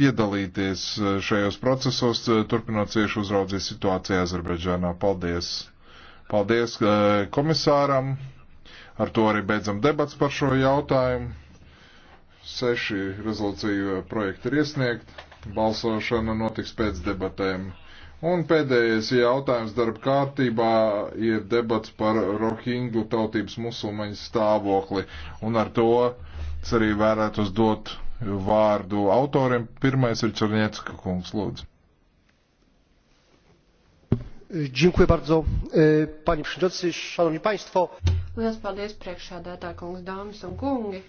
piedalīties eh, šajos procesos, eh, turpinot cieši uzraudzīt situāciju Azerbaidžānā. Paldies! Paldies eh, komisāram! Ar to arī beidzam debats par šo jautājumu. Seši rezolūciju projekti ir iesniegt. Balsošana notiks pēc debatēm. Un pēdējais jautājums darba kārtībā ir debats par rohingu tautības musulmaņu stāvokli. Un ar to es arī vērētos dot vārdu autoriem. Pirmais ir Černiecka kungs, lūdzu. Dziękuję bardzo, e, panie przewodniczący, szanowni państwo. Lielas paldies priekšādātā kungs, dāmas un kungi.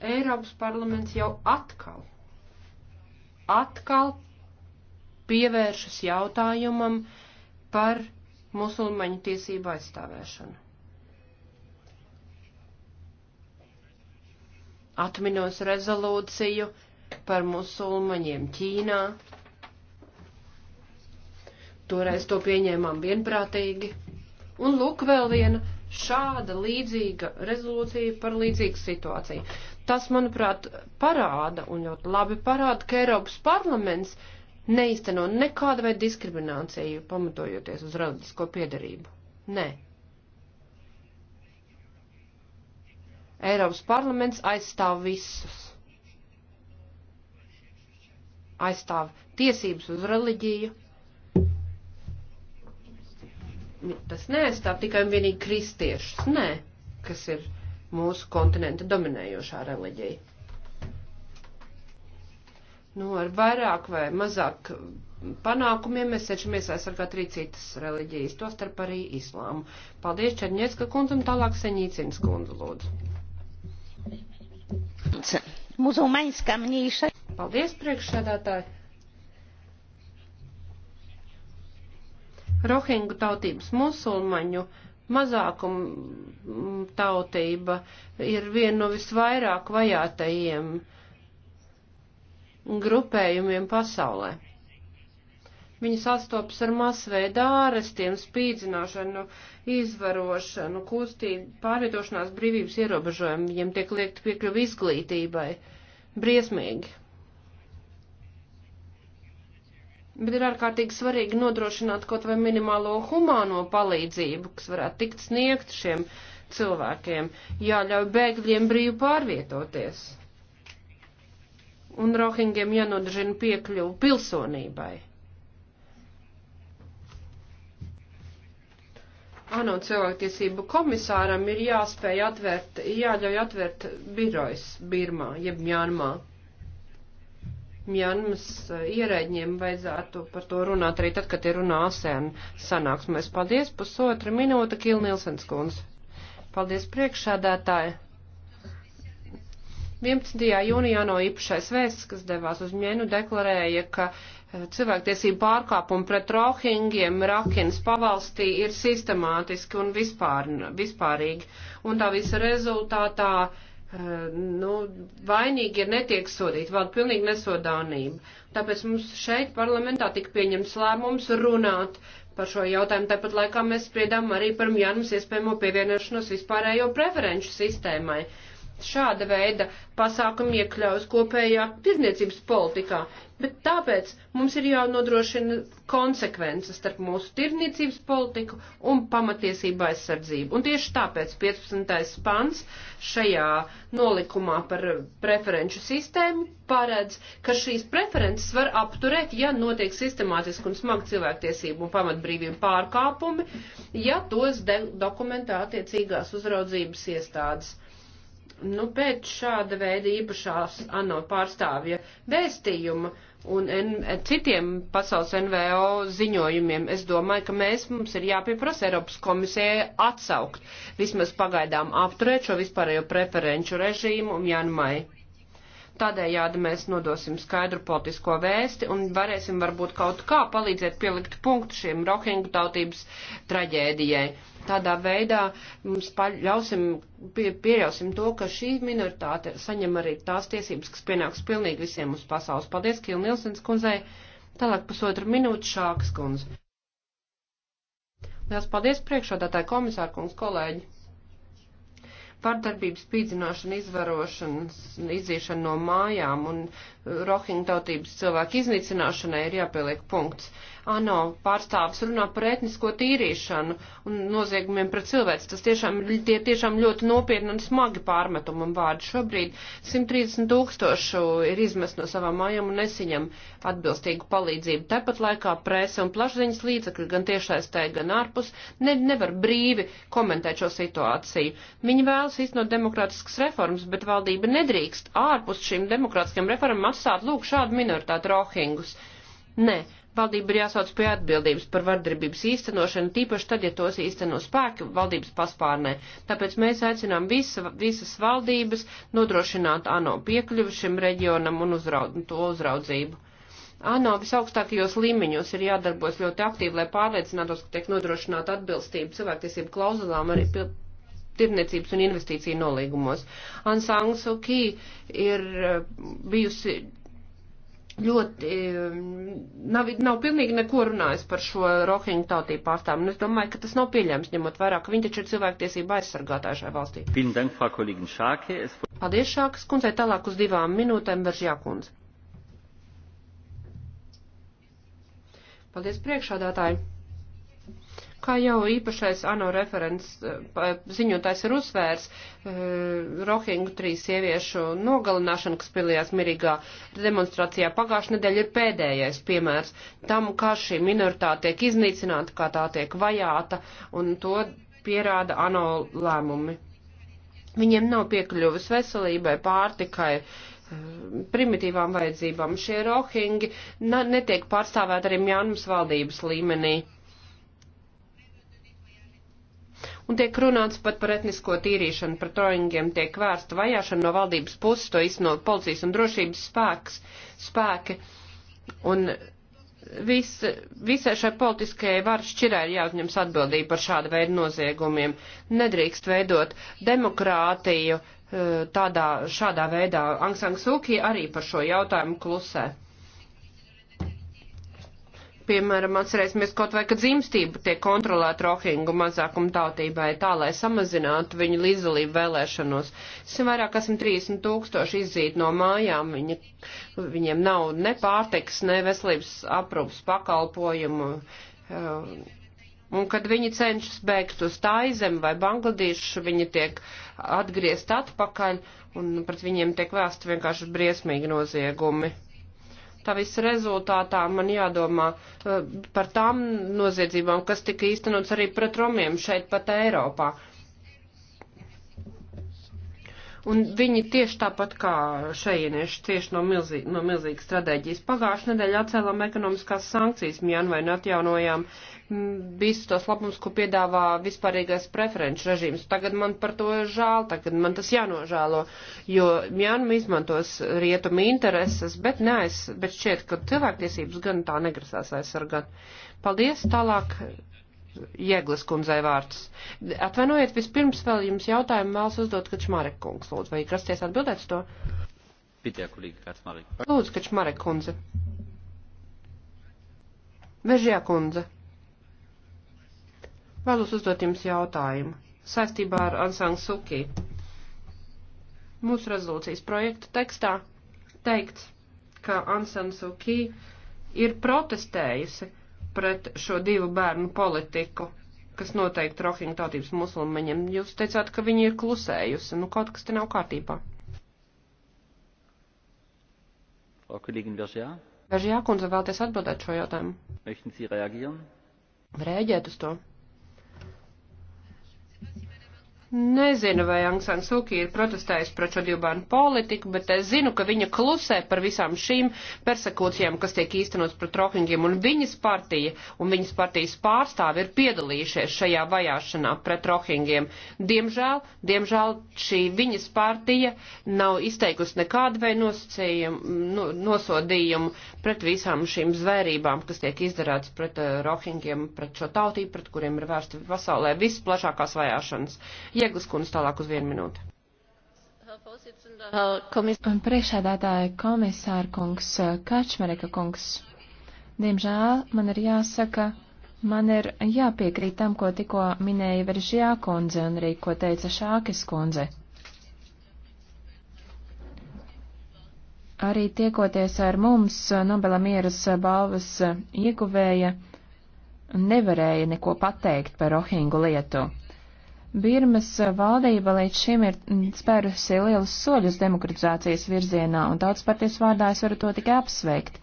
Eiropas parlaments jau atkal, atkal pievēršas jautājumam par musulmaņu tiesību aizstāvēšanu. Atminos rezolūciju par musulmaņiem Ķīnā. Toreiz to pieņēmām vienprātīgi. Un lūk vēl viena šāda līdzīga rezolūcija par līdzīgu situāciju. Tas, manuprāt, parāda un ļoti labi parāda, ka Eiropas parlaments neizteno nekādu veidu diskrimināciju, pamatojoties uz reliģisko piedarību. Nē. Eiropas parlaments aizstāv visus. Aizstāv tiesības uz reliģiju. Tas neaizstāv tikai un vienīgi kristiešus, nē, kas ir mūsu kontinenta dominējošā reliģija. Nu, ar vairāk vai mazāk panākumiem mēs cenšamies aizsargāt arī citas reliģijas, tostarp arī islāmu. Paldies Černieska kundzam, tālāk Seņīcins kundze lūdzu. Muzumaņska mnīša. Paldies, priekšsēdētāji. Rohingu tautības musulmaņu mazākuma mm, tautība ir viena no visvairāk vajātajiem grupējumiem pasaulē. Viņi sastopas ar masveidā ārestiem, spīdzināšanu, izvarošanu, kustību, pārvietošanās brīvības ierobežojumu, viņiem tiek liekt piekļuvi izglītībai. Briesmīgi. Bet ir ārkārtīgi svarīgi nodrošināt kaut vai minimālo humāno palīdzību, kas varētu tikt sniegt šiem cilvēkiem, jāļauj bēgļiem brīvi pārvietoties. Un rohingiem jānodrošina piekļuvu pilsonībai. ANO cilvēktiesību komisāram ir jāspēj atvērt, jāļauj atvērt birojas Birmā, jeb Mjanmā. Mjanmas eh, ierēģiem vajadzētu par to runāt arī tad, kad ir runā ASEAN sanāksmēs. Paldies, pusotra minūte, Kīl Nilsens kundze. Paldies priekšādātāji. 11. jūnijā no īpašais vēsts, kas devās uz Mjenu, deklarēja, ka uh, Eh, cilvēktiesību pārkāpumi pret rohingiem Rakinas pavalstī ir sistemātiski un vispār, vispārīgi. Un tā visa rezultātā eh, nu, vainīgi ir netiek sodīti, vēl pilnīgi nesodānība. Tāpēc mums šeit parlamentā tika pieņems lēmums runāt par šo jautājumu. Tāpat laikā mēs spriedām arī par Mjānums iespējamo pievienošanos vispārējo preferenču sistēmai. Uh, šāda veida pasākumi iekļaus kopējā tirdzniecības politikā, bet tāpēc mums ir jānodrošina konsekvences starp mūsu tirdzniecības politiku un pamatiesību aizsardzību. Un tieši tāpēc 15. pants šajā nolikumā par preferenču sistēmu paredz, ka šīs preferences var apturēt, ja notiek sistemātiski un smagi cilvēktiesību un pamatbrīvību pārkāpumi, ja tos dokumentē attiecīgās uzraudzības iestādes. Nu, pēc šāda veida īpašās ANO pārstāvja vēstījuma un en, citiem pasaules NVO ziņojumiem, es domāju, ka mēs mums ir jāpieprasa Eiropas komisijai atsaukt, vismaz pagaidām apturēt šo vispārējo preferenču režīmu un janmai Tādējādi mēs nodosim skaidru politisko vēsti un varēsim varbūt kaut kā palīdzēt pielikt punktu šiem rohingu tautības traģēdijai. Tādā veidā mums paļausim, pie, pieļausim to, ka šī minoritāte saņem arī tās tiesības, kas pienāks pilnīgi visiem uz pasaules. Paldies, Kīl Nilsens kundzei. Tālāk pusotra minūte šāks kundze. Liels paldies priekšādātāji komisārkungs kolēģi pārdarbības spīdzināšana, izvarošanas, iziešana no mājām un eh, rohingu tautības cilvēku iznīcināšanai ir jāpieliek punkts. Uh, ANO pārstāvis runā par etnisko tīrīšanu un noziegumiem pret cilvēks. Tas tiešām, tie tiešām ļoti nopietni un smagi pārmetumi un vārdi. Šobrīd 130 tūkstošu ir izmest no savām mājām un nesiņam atbilstīgu palīdzību. Tāpat laikā presa un plašsaziņas līdzekļi gan tiešaistē, gan ārpus ne, nevar brīvi komentēt šo situāciju. Viņi vēlas iznot demokrātiskas reformas, bet valdība nedrīkst ārpus šīm demokrātiskajām reformām atstāt lūk šādu minoritātu rohingus. Nē, valdība ir jāsauc pie atbildības par vardarbības īstenošanu, tīpaši tad, ja tos īsteno spēki valdības paspārnē. Tāpēc mēs aicinām visa, visas valdības nodrošināt ANO piekļuvi šim reģionam un uzraud, to uzraudzību. ANO visaugstākajos līmeņos ir jādarbojas ļoti aktīvi, lai pārliecinātos, ka tiek nodrošināta atbilstība cilvēktiesību klauzulām arī pil tirniecības un investīciju nolīgumos. Ansang Suki ir eh, bijusi ļoti nav, nav pilnīgi neko runājis par šo rohiņu tautību pārstāvu. Nu, Un es domāju, ka tas nav pieļams, ņemot vairāk, ka viņi taču ir cilvēktiesība aizsargātāja šajā valstī. Paldies, Šākas kundzei, tālāk uz divām minūtēm veržjā kundze. Paldies priekšādātāji. Kā jau īpašais ANO referents eh, ziņotājs ir uzsvērs, eh, Rohingu trīs sieviešu nogalināšana, kas pilījās mirīgā demonstrācijā pagājušajā nedēļā, ir pēdējais piemērs tam, kā šī minoritāte tiek iznīcināta, kā tā tiek vajāta, un to pierāda ANO lēmumi. Viņiem nav piekļuvis veselībai, pārtikai, eh, primitīvām vajadzībām. Šie rohingi netiek pārstāvēti arī Mjānums valdības līmenī. un tiek runāts pat par etnisko tīrīšanu, par trojņģiem, tiek vērsta vajāšana no valdības puses, to izno policijas un drošības spēks, spēki. Un vis, visai šai politiskajai varas šķirē ir jāuzņems atbildība par šādu veidu noziegumiem. Nedrīkst veidot demokrātiju eh, tādā, šādā veidā. Angsang Suki arī par šo jautājumu klusē. Piemēram, atcerēsimies kaut vai, ka dzimstība tiek kontrolēta rohingu mazākuma tautībai tā, lai samazinātu viņu līdzdalību vēlēšanos. Es vairāk esam 30 tūkstoši izzīt no mājām, Viņa, viņiem nav ne pārtiks, ne veselības aprūpas pakalpojumu. Uh, un, kad viņi cenšas bēgt uz Taizemi vai Bangladīšu, viņi tiek atgriezt atpakaļ un pret viņiem tiek vēsti vienkārši briesmīgi noziegumi tā visa rezultātā man jādomā eh, par tām noziedzībām, kas tika īstenots arī pret romiem šeit pat Eiropā. Un viņi tieši tāpat kā šajienieši cieši no, milzī, no milzīgas stratēģijas. Pagājušajā nedēļā atcēlām ekonomiskās sankcijas Mjanvai nu un nu atjaunojām visus tos labumus, ko piedāvā vispārīgais preferenču režīms. Tagad man par to žēl, tagad man tas jānožēlo, jo Mjanma nu izmantos rietumu intereses, bet neaiz, bet šķiet, ka cilvēktiesības gan tā negrasās aizsargāt. Paldies, tālāk Jēglas kundzei vārds. Atvainojiet, vispirms vēl jums jautājumu vēlas uzdot Kačmarek kungs. Lūdzu, vai grasties atbildēt uz to? Pitēkulīgi, Kačmarek. Lūdzu, Kačmarek kundze. Vežjā kundze. Vēlos uzdot jums jautājumu saistībā ar Ansang Suki. Mūsu rezolūcijas projekta tekstā teikts, ka Ansang Suki ir protestējusi pret šo divu bērnu politiku, kas noteikti rohingu tautības musulmaņiem. Jūs teicāt, ka viņi ir klusējusi. Nu, kaut kas te nav kārtībā. Veržijā kundze vēlties atbildēt šo jautājumu. Rēģēt uz to. Nezinu, vai Angsana Suki ir protestējusi pret šo divbānu politiku, bet es zinu, ka viņa klusē par visām šīm persekūcijām, kas tiek īstenots pret rohingiem, un viņas partija un viņas partijas pārstāvi ir piedalījušies šajā vajāšanā pret rohingiem. Diemžēl, diemžēl šī viņas partija nav izteikusi nekādu vai no, nu, nosodījumu pret visām šīm zvērībām, kas tiek izdarētas pret uh, rohingiem, pret šo tautību, pret kuriem ir vērsta pasaulē visplašākās vajāšanas. Jēglas kundze tālāk uz vienu minūti. Priekšādātāja komisāra kungs eh, Kačmereka kungs. Diemžēl man ir jāsaka, man ir jāpiekrīt tam, ko tikko minēja Veržjā kundze un arī ko teica Šākis kundze. Arī tiekoties ar mums, eh, Nobela mieras eh, balvas ieguvēja nevarēja neko pateikt par Rohingu lietu. Birmas valdība līdz šim ir spērusi lielus soļus demokratizācijas virzienā, un tautas partijas vārdā es varu to tikai apsveikt.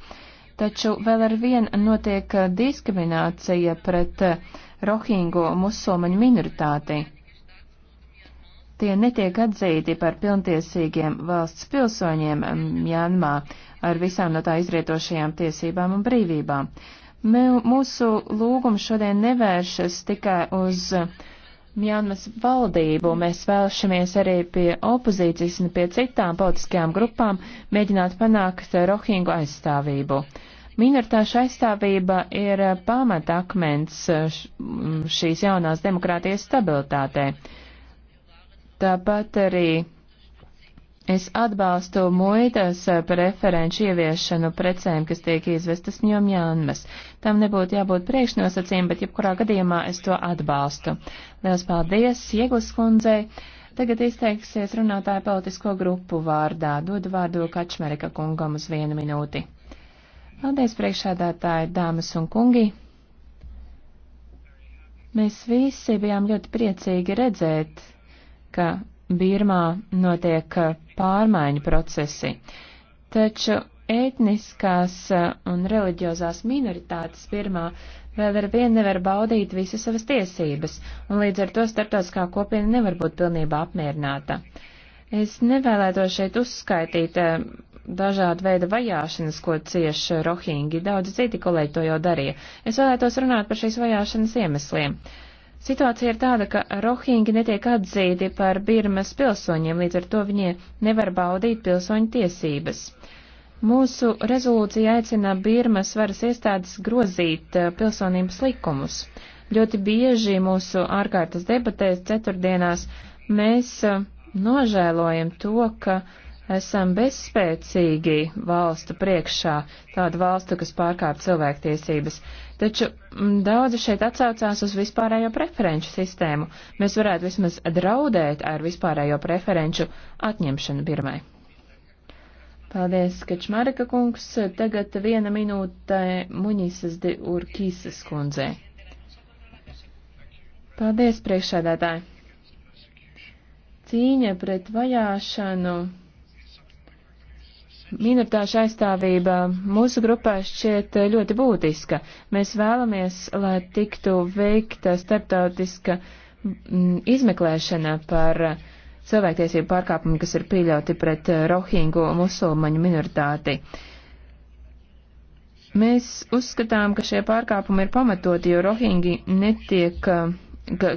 Taču vēl ar vien notiek diskriminācija pret rohingu musulmaņu minoritāti. Tie netiek atzīti par pilntiesīgiem valsts pilsoņiem Janmā ar visām no tā izrietošajām tiesībām un brīvībām. Mūsu lūgums šodien nevēršas tikai uz uh, Mjanmas valdību, mēs vēlšamies arī pie opozīcijas un pie citām politiskajām grupām mēģināt panākt rohingu aizstāvību. Minoritāšu aizstāvība ir pamatakmens eh, šīs jaunās demokrātijas stabilitātē. Tāpat arī Es atbalstu muitas eh, preferenču ieviešanu precēm, kas tiek izvestas no Mjānmas. Tam nebūtu jābūt priekšnosacījumam, bet jebkurā gadījumā es to atbalstu. Lielas paldies Ieglas kundzei. Tagad izteiksies runātāja politisko grupu vārdā. Dodu vārdu Kačmerika kungam uz vienu minūti. Paldies priekšādātāji, dāmas un kungi. Mēs visi bijām ļoti priecīgi redzēt, ka Birmā notiek eh, pārmaiņu procesi. Taču etniskās e, un reliģiozās minoritātes Birmā vēl ar vienu nevar baudīt visas savas tiesības, un līdz ar to starptautiskā kopiena nevar būt pilnībā apmierināta. Es nevēlētos šeit uzskaitīt e, dažādu veidu vajāšanas, ko cieš rohingi, daudz citi kolēģi to jau darīja. Es vēlētos runāt par šīs vajāšanas iemesliem. Uh, Situācija ir tāda, ka rohingi netiek atzīti par Birmas pilsoņiem, līdz ar to viņi nevar baudīt pilsoņu tiesības. Mūsu rezolūcija aicina Birmas varas iestādes grozīt eh, pilsonības likumus. Ļoti bieži mūsu ārkārtas debatēs ceturtdienās mēs eh, nožēlojam to, ka uh, esam bezspēcīgi valstu priekšā, tādu valstu, kas pārkāp cilvēktiesības. Taču mm, daudzi šeit atsaucās uz vispārējo preferenču sistēmu. Mēs varētu vismaz draudēt ar vispārējo preferenču atņemšanu Birmai. Paldies, Kačmarika kungs. Tagad viena minūte Muņīsas de Urkīsas kundzei. Paldies, priekšādātāji. Cīņa pret vajāšanu Minoritāšu aizstāvība mūsu grupā šķiet ļoti būtiska. Mēs vēlamies, lai tiktu veikta starptautiska mm, izmeklēšana par cilvēktiesību pārkāpumu, kas ir pieļauti pret rohingu musulmaņu minoritāti. Mēs uzskatām, ka šie pārkāpumi ir pamatoti, jo rohingi netiek, ka,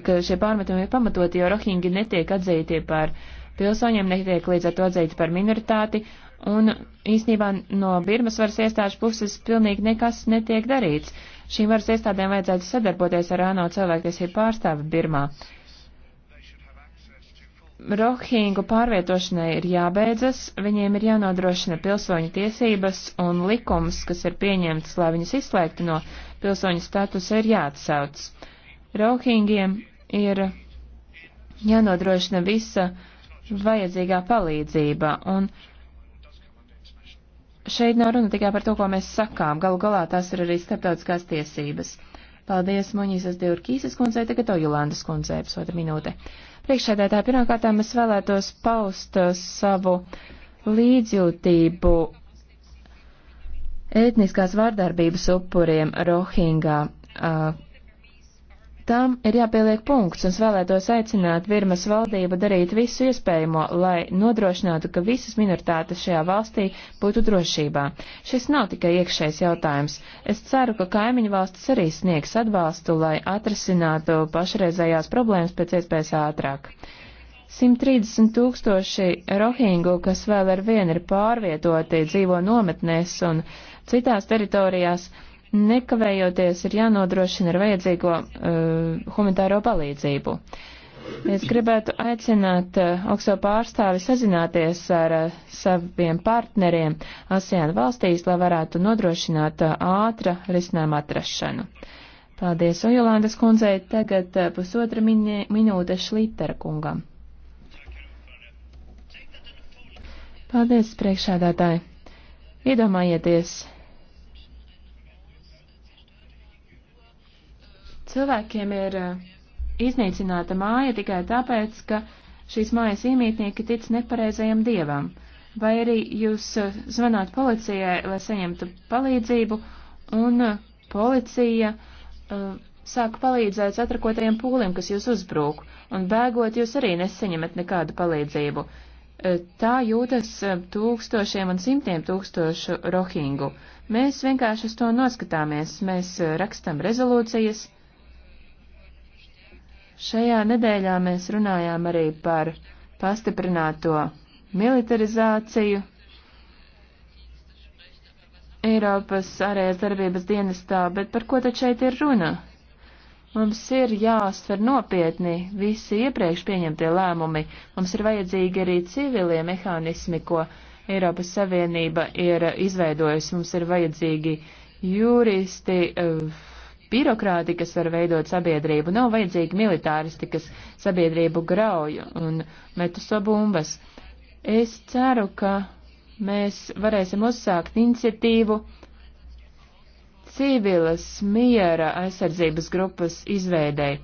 ka šie pārmetumi ir pamatoti, jo rohingi netiek atzīti par pilsoņiem, netiek līdz ar to atzīti par minoritāti, Un īsnībā no Birmas varas iestāžu puses pilnīgi nekas netiek darīts. Šīm varas iestādēm vajadzētu sadarboties ar ANO cilvēktiesību pārstāvi Birmā. Rohingu pārvietošanai ir jābeidzas, viņiem ir jānodrošina pilsoņu tiesības un likums, kas ir pieņemts, lai viņus izslēgtu no pilsoņu statusa, ir jāatsauc. Rohingiem ir jānodrošina visa vajadzīgā palīdzība, un šeit nav runa tikai par to, ko mēs sakām. Galu galā tās ir arī starptautiskās tiesības. Paldies, Muņīsas Diurkīsas kundzei, tagad Ojulandas kundzei, pusotra minūte. Priekšsēdētāji, pirmkārtām es vēlētos paust uh, savu līdzjūtību etniskās vārdarbības upuriem Rohingā. Uh, Tam ir jāpieliek punkts, un es vēlētos aicināt Birmas valdību darīt visu iespējamo, lai nodrošinātu, ka visas minoritātes šajā valstī būtu drošībā. Šis nav tikai iekšējs jautājums. Es ceru, ka kaimiņu valstis arī sniegs atbalstu, lai atrasinātu pašreizējās problēmas pēc iespējas ātrāk. 130 tūkstoši rohingu, kas vēl ar vienu ir pārvietoti, dzīvo nometnēs un citās teritorijās nekavējoties ir jānodrošina ar vajadzīgo uh, humanitāro palīdzību. Es gribētu aicināt uh, augsto pārstāvi sazināties ar uh, saviem partneriem ASEAN valstīs, lai varētu nodrošināt uh, ātra risinājuma atrašanu. Paldies, Ojolandas kundzei. Tagad uh, pusotra minē, minūte Šlitera kungam. Paldies, priekšādātāji. Iedomājieties, Cilvēkiem ir eh, iznīcināta māja tikai tāpēc, ka šīs mājas iemītnieki tic nepareizajam dievam. Vai arī jūs eh, zvanāt policijai, lai saņemtu palīdzību, un eh, policija uh, sāk palīdzēt satrakotajiem pūlim, kas jūs uzbrūk, un bēgot jūs arī nesaņemat nekādu palīdzību. Uh, tā jūtas uh, tūkstošiem un simtiem tūkstošu rohingu. Mēs vienkārši uz to noskatāmies, mēs rakstam rezolūcijas Šajā nedēļā mēs runājām arī par pastiprināto militarizāciju. Eiropas ārējās darbības dienestā, bet par ko tad šeit ir runa? Mums ir jāuztver nopietni visi iepriekš pieņemtie lēmumi, mums ir vajadzīgi arī civilie mehānismi, ko Eiropas Savienība ir izveidojusi, mums ir vajadzīgi juristi, uh, birokrāti, kas var veidot sabiedrību, nav vajadzīgi militāristi, kas sabiedrību grauj un met uz to bumbas. Es ceru, ka mēs varēsim uzsākt iniciatīvu civilas miera aizsardzības grupas izveidēji.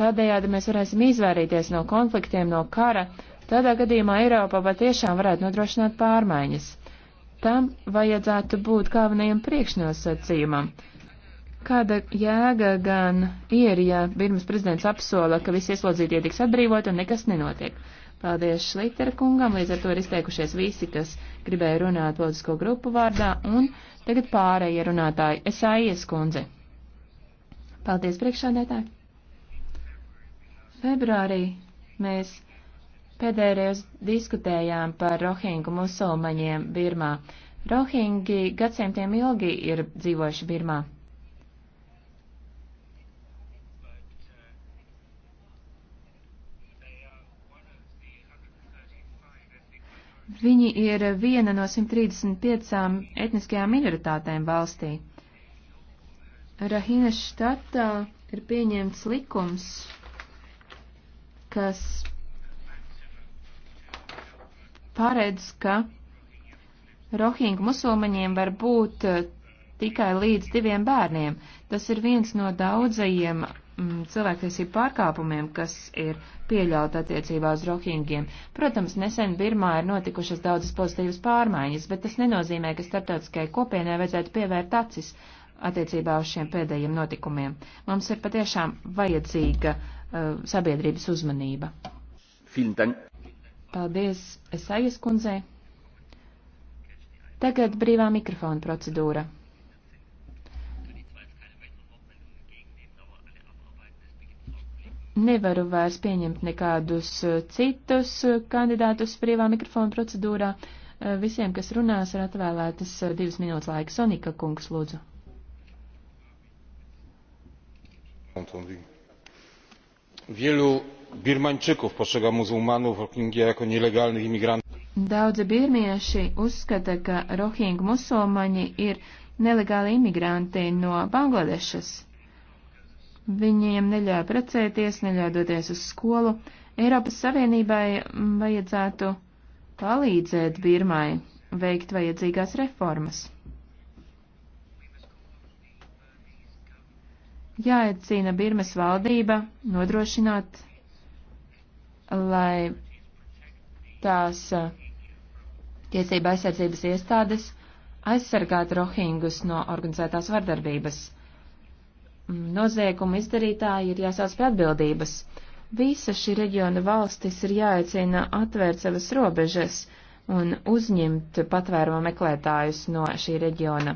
Tādējādi mēs varēsim izvairīties no konfliktiem, no kara. Tādā gadījumā Eiropa patiešām varētu nodrošināt pārmaiņas. Tam vajadzētu būt galvenajam priekšnosacījumam. Kāda jēga gan ir, ja Birmas prezidents apsola, ka visi ieslodzītie tiks atbrīvot un nekas nenotiek? Paldies Šlitera kungam, līdz ar to ir izteikušies visi, kas gribēja runāt politisko grupu vārdā, un tagad pārējie runātāji - Esāies kundze. Paldies priekšādētāji. Februārī mēs pēdējos diskutējām par rohingu musulmaņiem Birmā. Rohingi gadsimtiem ilgi ir dzīvojuši Birmā. Viņi ir viena no 135 etniskajām minoritātēm valstī. Rahīnas štatā ir pieņemts likums, kas paredz, ka Rohingu musulmaņiem var būt tikai līdz diviem bērniem. Tas ir viens no daudzajiem mm, cilvēktiesību pārkāpumiem, kas ir pieļauta attiecībā uz rohingiem. Protams, nesen Birmā ir notikušas daudzas pozitīvas pārmaiņas, bet tas nenozīmē, ka starptautiskajai kopienai vajadzētu pievērt acis attiecībā uz šiem pēdējiem notikumiem. Mums ir patiešām vajadzīga uh, sabiedrības uzmanība. Fildan. Paldies Esaijas kundzei. Tagad brīvā mikrofona procedūra. nevaru vairs pieņemt nekādus eh, citus eh, kandidātus brīvā mikrofona procedūrā. Eh, visiem, kas runās, ir atvēlētas divas minūtes laika. Sonika kungs, lūdzu. Wielu Birmańczyków postrzega muzułmanów Rohingya jako nielegalnych imigrantów. Daudzi birmieši uzskata, ka rohingu musulmaņi ir nelegāli imigranti no Bangladešas. Viņiem neļāva precēties, neļāva doties uz skolu. Eiropas Savienībai vajadzētu palīdzēt Birmai veikt vajadzīgās reformas. Jāatcīna Birmas valdība nodrošināt, lai tās uh, tiesība aizsardzības iestādes aizsargātu rohingus no organizētās vardarbības. Mm, noziegumu izdarītāji ir jāsāc pie atbildības. Visas šī reģiona valstis ir jāaicina atvērt savas robežas un uzņemt patvērumu meklētājus no šī reģiona.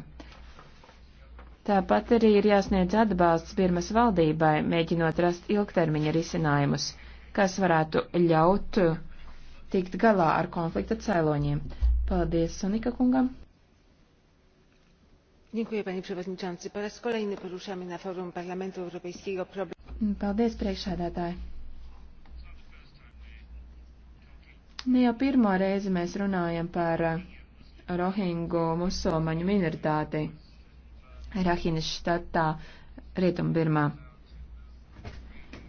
Tāpat arī ir jāsniedz atbalsts Birmas valdībai, mēģinot rast ilgtermiņa risinājumus, kas varētu ļaut tikt galā ar konflikta cēloņiem. Paldies Sonika kungam! panie przewodniczący! po raz kolejny poruszamy na forum parlamentu europejskiego problem. paldies priekšsēdētāji ne nu, jau pirmo reizi mēs runājam par uh, rohingu musulmaņu minoritāti rahinas štatā rietumbirmā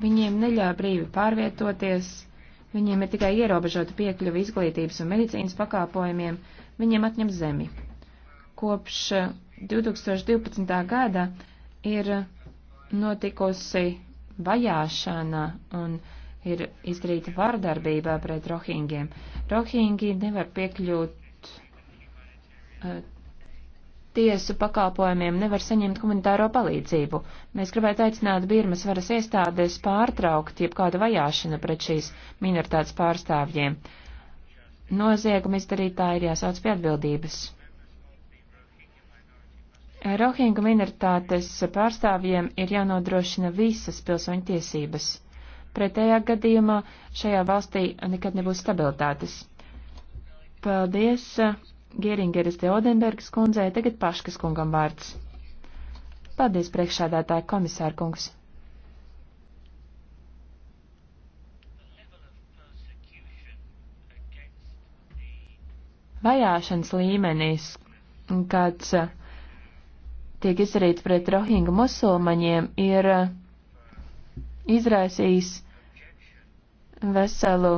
viņiem neļauj brīvi pārvietoties viņiem ir tikai ierobežota piekļuve izglītības un medicīnas pakāpojumiem viņiem atņem zemi kopš uh, 2012. gada ir notikusi vajāšana un ir izdarīta vārdarbība pret rohingiem. Rohingi nevar piekļūt uh, tiesu pakalpojumiem, nevar saņemt humanitāro palīdzību. Mēs gribētu aicināt Birmas varas iestādes pārtraukt jebkādu vajāšanu pret šīs minoritātes pārstāvjiem. Nozieguma izdarītāji ir jāsauc pie atbildības. Rohingu minoritātes pārstāvjiem ir jānodrošina visas pilsoņu tiesības. Pretējā gadījumā šajā valstī nekad nebūs stabilitātes. Paldies Geringeris de Odenbergas kundzei, tagad Paškas kungam vārds. Paldies priekšādātāja komisāra kungs. Vajāšanas līmenis, kāds tiek izdarīts pret rohingu musulmaņiem, ir uh, izraisījis veselu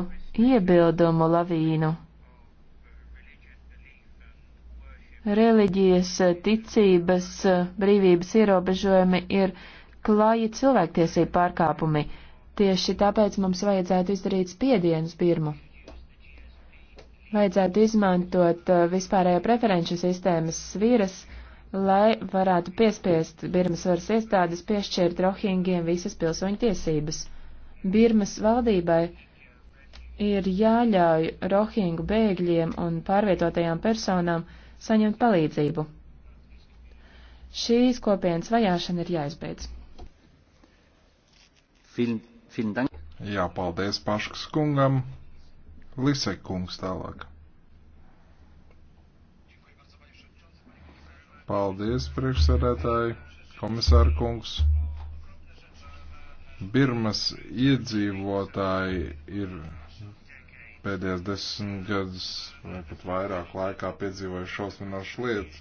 iebildumu lavīnu. Reliģijas, uh, ticības, uh, brīvības ierobežojumi ir klāji cilvēktiesību pārkāpumi. Tieši tāpēc mums vajadzētu izdarīt spiedienus Birmu. Vajadzētu izmantot vispārējo preferenču sistēmas svīras, uh, lai varētu piespiest Birmas varas iestādes piešķirt rohingiem visas pilsoņu tiesības. Birmas valdībai ir jāļauj rohingu bēgļiem un pārvietotajām personām saņemt palīdzību. Šīs kopienas vajāšana ir jāizbeidz. Film, film Jā, paldies Paškas kungam. Lisekungs tālāk. Paldies, priekšsēdētāji, komisāra kungs. Birmas iedzīvotāji ir pēdējās desmit gadus vai pat vairāk laikā piedzīvojuši šausminošas lietas.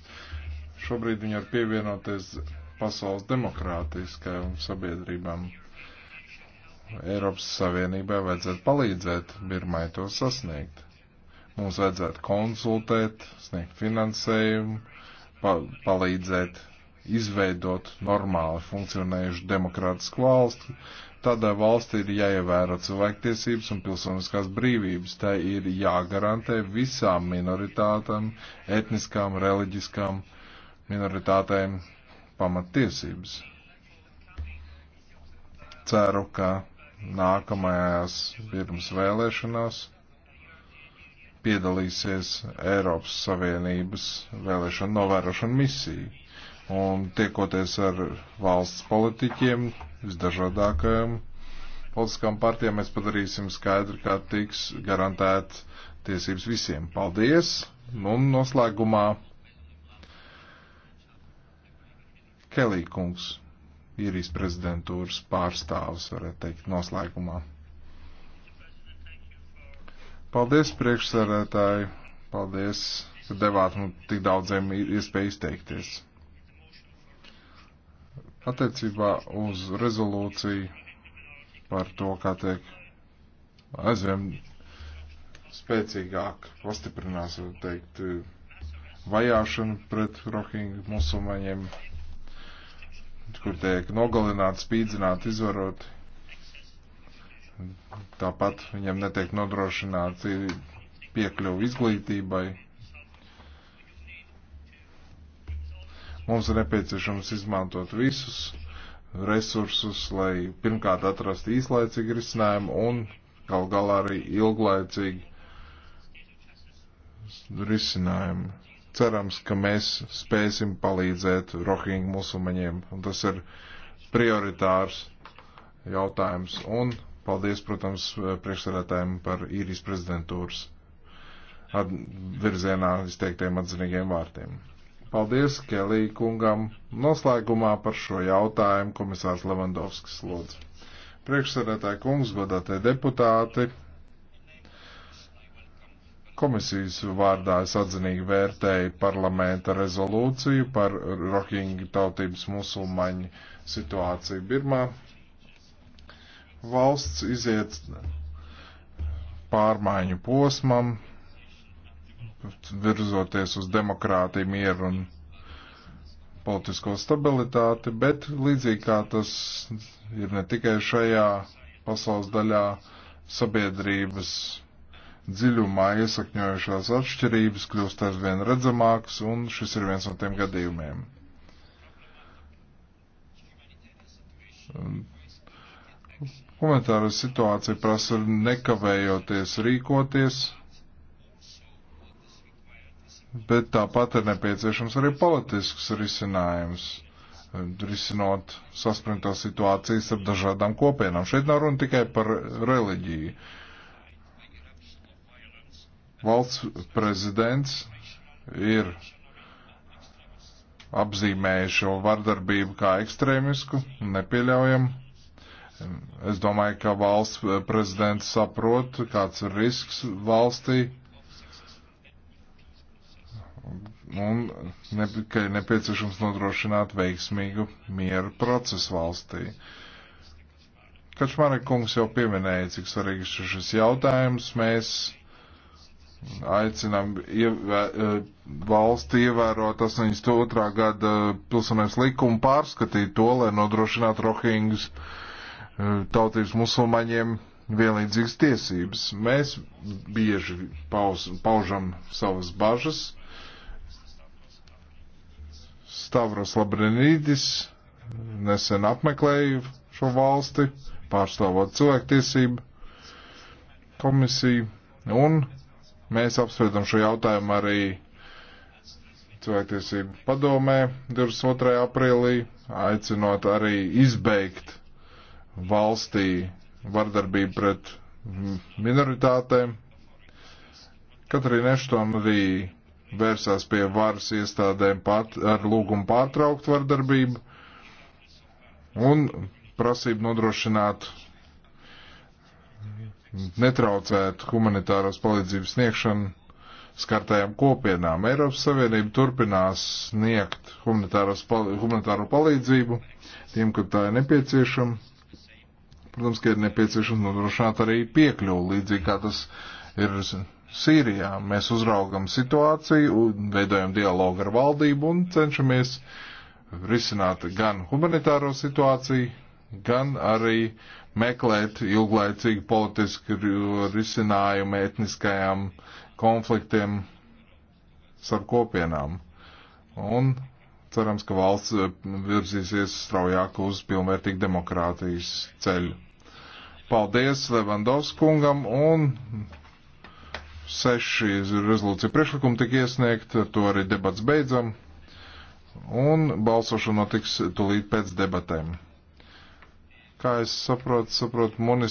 Šobrīd viņi var pievienoties pasaules demokrātiskajām sabiedrībām. Eiropas Savienībai vajadzētu palīdzēt Birmai to sasniegt. Mums vajadzētu konsultēt, sniegt finansējumu, pa palīdzēt izveidot normāli funkcionējušu demokrātisku valsti. Tādā valstī ir jāievēro cilvēktiesības un pilsoniskās brīvības. Tā ir jāgarantē visām minoritātām, etniskām, reliģiskām minoritātēm pamattiesības. Ceru, ka nākamajās pirms vēlēšanās piedalīsies Eiropas Savienības vēlēšanu novērošanu misiju. Un tiekoties ar valsts politiķiem, visdažādākajiem politiskām partijām, mēs padarīsim skaidru, kā tiks garantēt tiesības visiem. Paldies! Nu, un noslēgumā Kelī kungs, īrijas prezidentūras pārstāvis, varētu teikt, noslēgumā. Paldies, priekšsarētāji. Paldies, ka devāt man nu, tik daudziem iespēju izteikties. Attiecībā uz rezolūciju par to, kā tiek aizvien spēcīgāk pastiprinās, var teikt, vajāšana pret rohingu musulmaņiem, kur tiek nogalināti, spīdzināti, izvaroti. Tāpat viņam netiek nodrošināts piekļuvu izglītībai. Mums ir nepieciešams izmantot visus resursus, lai pirmkārt atrastu īslaicīgu risinājumu un gal galā arī ilglaicīgu risinājumu. Cerams, ka mēs spēsim palīdzēt rohingu musulmaņiem, un tas ir prioritārs jautājums. Un Paldies, protams, priekšsēdētājiem par īrijas prezidentūras virzienā izteiktiem atzinīgiem vārtiem. Paldies Kelī kungam noslēgumā par šo jautājumu komisārs Levandovskis lūdzu. Priekšsēdētāji kungs, godātie deputāti, komisijas vārdā es atzinīgi vērtēju parlamenta rezolūciju par rohingu tautības musulmaņu situāciju Birmā valsts iziet pārmaiņu posmam, virzoties uz demokrātiju, mieru un politisko stabilitāti, bet līdzīgi kā tas ir ne tikai šajā pasaules daļā sabiedrības dziļumā iesakņojušās atšķirības kļūst aizvien redzamākas, un šis ir viens no tiem gadījumiem. Humanitāra situācija prasa nekavējoties rīkoties, bet tāpat ir nepieciešams arī politisks risinājums, risinot saspringtās situācijas ar dažādām kopienām. Šeit nav runa tikai par reliģiju. Valsts prezidents ir apzīmējuši šo vardarbību kā ekstrēmisku, nepieļaujamu Es domāju, ka valsts eh, prezidents saprot, kāds ir risks valstī. Un ne, ka ir nepieciešams nodrošināt veiksmīgu mieru procesu valstī. Kačmāra kungs jau pieminēja, cik svarīgs ir šis jautājums. Mēs aicinām ievē, eh, valsti ievērot 82. gada pilsonības likumu, pārskatīt to, lai nodrošinātu rohingus uh, tautības musulmaņiem vienlīdzīgas tiesības. Mēs bieži pauz, paužam savas bažas. Stavros Labrinīdis nesen apmeklēju šo valsti, pārstāvot cilvēktiesību komisiju, un mēs apspriedam šo jautājumu arī cilvēktiesību padomē 22. aprīlī, aicinot arī izbeigt valstī vardarbību pret minoritātēm. Katrīna Eštona arī vērsās pie varas iestādēm pat ar lūgumu pārtraukt vardarbību un prasību nodrošināt netraucēt humanitāros palīdzības sniegšanu skartajām kopienām. Eiropas Savienība turpinās sniegt humanitāro palīdzību tiem, kur tā ir nepieciešama Protams, ka ir nepieciešams nodrošināt arī piekļuvu, līdzīgi kā tas ir Sīrijā. Mēs uzraugam situāciju, veidojam dialogu ar valdību un cenšamies risināt gan humanitāro situāciju, gan arī meklēt ilglaicīgi politisku risinājumu etniskajām konfliktiem starp kopienām. Un cerams, ka valsts eh, virzīsies straujāk uz pilnvērtīgu demokrātijas ceļu. Paldies Levandovskungam un seši rezolūcija priekšlikumi tika iesniegt, ar to arī debats beidzam un balsošana notiks tulīt pēc debatēm. Kā es saprotu, saprotu, munis